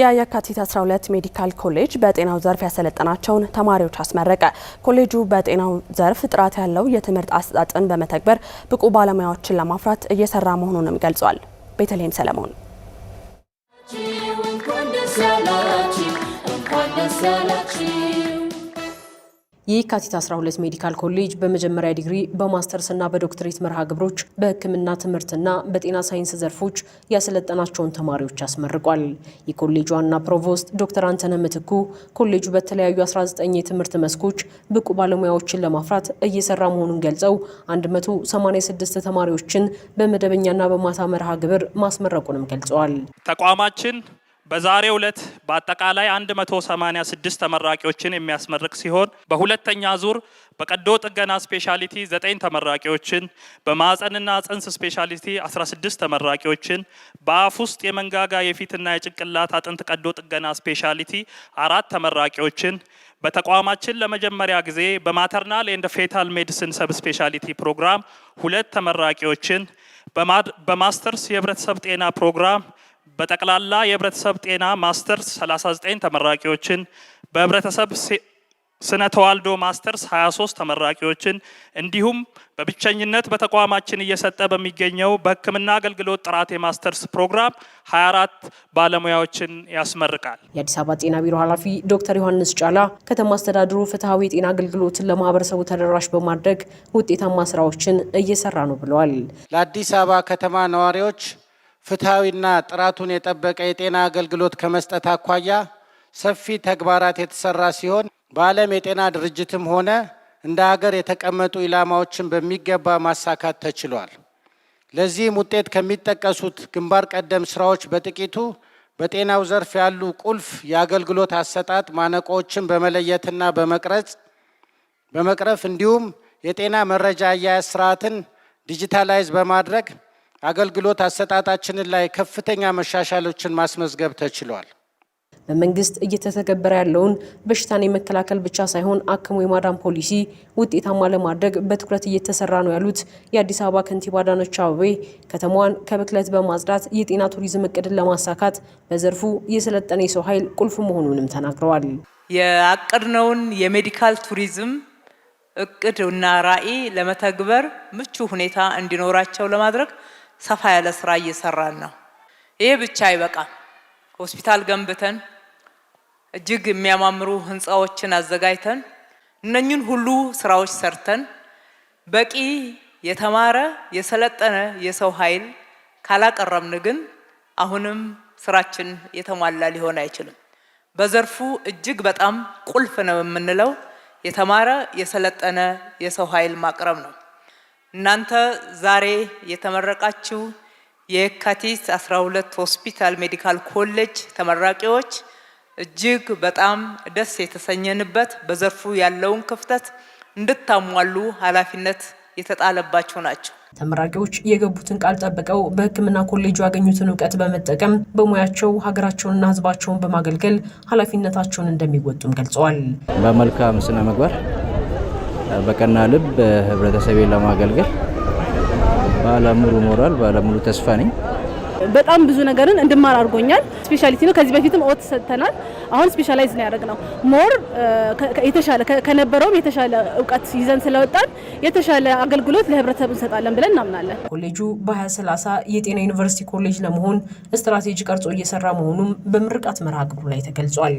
የየካቲት 12 ሜዲካል ኮሌጅ በጤናው ዘርፍ ያሰለጠናቸውን ተማሪዎች አስመረቀ። ኮሌጁ በጤናው ዘርፍ ጥራት ያለው የትምህርት አሰጣጥን በመተግበር ብቁ ባለሙያዎችን ለማፍራት እየሰራ መሆኑንም ገልጿል። ቤተልሔም ሰለሞን እንኳን ደስ የካቲት 12 ሜዲካል ኮሌጅ በመጀመሪያ ዲግሪ በማስተርስና በዶክትሬት መርሃ ግብሮች በሕክምና ትምህርትና በጤና ሳይንስ ዘርፎች ያሰለጠናቸውን ተማሪዎች አስመርቋል። የኮሌጁ ዋና ፕሮቮስት ዶክተር አንተነ ምትኩ ኮሌጁ በተለያዩ 19 የትምህርት መስኮች ብቁ ባለሙያዎችን ለማፍራት እየሰራ መሆኑን ገልጸው 186 ተማሪዎችን በመደበኛና በማታ መርሃ ግብር ማስመረቁንም ገልጸዋል። ተቋማችን በዛሬ ዕለት በአጠቃላይ 186 ተመራቂዎችን የሚያስመርቅ ሲሆን በሁለተኛ ዙር በቀዶ ጥገና ስፔሻሊቲ 9 ተመራቂዎችን፣ በማዕፀንና ጽንስ ስፔሻሊቲ 16 ተመራቂዎችን፣ በአፍ ውስጥ የመንጋጋ የፊትና የጭንቅላት አጥንት ቀዶ ጥገና ስፔሻሊቲ አራት ተመራቂዎችን በተቋማችን ለመጀመሪያ ጊዜ በማተርናል ኤንድ ፌታል ሜዲሲን ሰብ ስፔሻሊቲ ፕሮግራም ሁለት ተመራቂዎችን በማስተርስ የህብረተሰብ ጤና ፕሮግራም በጠቅላላ የህብረተሰብ ጤና ማስተርስ 39 ተመራቂዎችን በህብረተሰብ ስነ ተዋልዶ ማስተርስ 23 ተመራቂዎችን እንዲሁም በብቸኝነት በተቋማችን እየሰጠ በሚገኘው በሕክምና አገልግሎት ጥራት የማስተርስ ፕሮግራም 24 ባለሙያዎችን ያስመርቃል። የአዲስ አበባ ጤና ቢሮ ኃላፊ ዶክተር ዮሐንስ ጫላ ከተማ አስተዳደሩ ፍትሐዊ የጤና አገልግሎትን ለማህበረሰቡ ተደራሽ በማድረግ ውጤታማ ስራዎችን እየሰራ ነው ብለዋል። ለአዲስ አበባ ከተማ ነዋሪዎች ፍትሐዊና ጥራቱን የጠበቀ የጤና አገልግሎት ከመስጠት አኳያ ሰፊ ተግባራት የተሰራ ሲሆን በዓለም የጤና ድርጅትም ሆነ እንደ ሀገር የተቀመጡ ኢላማዎችን በሚገባ ማሳካት ተችሏል። ለዚህም ውጤት ከሚጠቀሱት ግንባር ቀደም ስራዎች በጥቂቱ በጤናው ዘርፍ ያሉ ቁልፍ የአገልግሎት አሰጣጥ ማነቆዎችን በመለየትና በመቅረጽ በመቅረፍ እንዲሁም የጤና መረጃ አያያዝ ስርዓትን ዲጂታላይዝ በማድረግ አገልግሎት አሰጣጣችንን ላይ ከፍተኛ መሻሻሎችን ማስመዝገብ ተችሏል። በመንግስት እየተተገበረ ያለውን በሽታን የመከላከል ብቻ ሳይሆን አክሞ የማዳን ፖሊሲ ውጤታማ ለማድረግ በትኩረት እየተሰራ ነው ያሉት የአዲስ አበባ ከንቲባ አዳነች አቤቤ ከተማዋን ከብክለት በማጽዳት የጤና ቱሪዝም እቅድን ለማሳካት በዘርፉ የሰለጠነ የሰው ኃይል ቁልፍ መሆኑንም ተናግረዋል። ያቀድነውን የሜዲካል ቱሪዝም እቅድ እና ራዕይ ለመተግበር ምቹ ሁኔታ እንዲኖራቸው ለማድረግ ሰፋ ያለ ስራ እየሰራን ነው። ይሄ ብቻ አይበቃም። ሆስፒታል ገንብተን እጅግ የሚያማምሩ ህንፃዎችን አዘጋጅተን እነኝን ሁሉ ስራዎች ሰርተን በቂ የተማረ የሰለጠነ የሰው ኃይል ካላቀረብን ግን አሁንም ስራችን የተሟላ ሊሆን አይችልም። በዘርፉ እጅግ በጣም ቁልፍ ነው የምንለው የተማረ የሰለጠነ የሰው ኃይል ማቅረብ ነው። እናንተ ዛሬ የተመረቃችሁ የካቲት 12 ሆስፒታል ሜዲካል ኮሌጅ ተመራቂዎች እጅግ በጣም ደስ የተሰኘንበት በዘርፉ ያለውን ክፍተት እንድታሟሉ ኃላፊነት የተጣለባቸው ናቸው። ተመራቂዎች የገቡትን ቃል ጠብቀው በሕክምና ኮሌጁ ያገኙትን እውቀት በመጠቀም በሙያቸው ሀገራቸውንና ሕዝባቸውን በማገልገል ኃላፊነታቸውን እንደሚወጡም ገልጸዋል። በመልካም ስነ ምግባር በቀና ልብ ህብረተሰቤን ለማገልገል ባለሙሉ ሞራል ባለሙሉ ተስፋ ነኝ። በጣም ብዙ ነገርን እንድማር አድርጎኛል። ስፔሻሊቲ ነው። ከዚህ በፊትም ኦት ሰጥተናል። አሁን ስፔሻላይዝ ነው ያደረግነው። ሞር የተሻለ ከነበረውም የተሻለ እውቀት ይዘን ስለወጣን የተሻለ አገልግሎት ለህብረተሰብ እንሰጣለን ብለን እናምናለን። ኮሌጁ በ2030 የጤና ዩኒቨርሲቲ ኮሌጅ ለመሆን ስትራቴጂ ቀርጾ እየሰራ መሆኑም በምርቃት መርሃ ግብሩ ላይ ተገልጿል።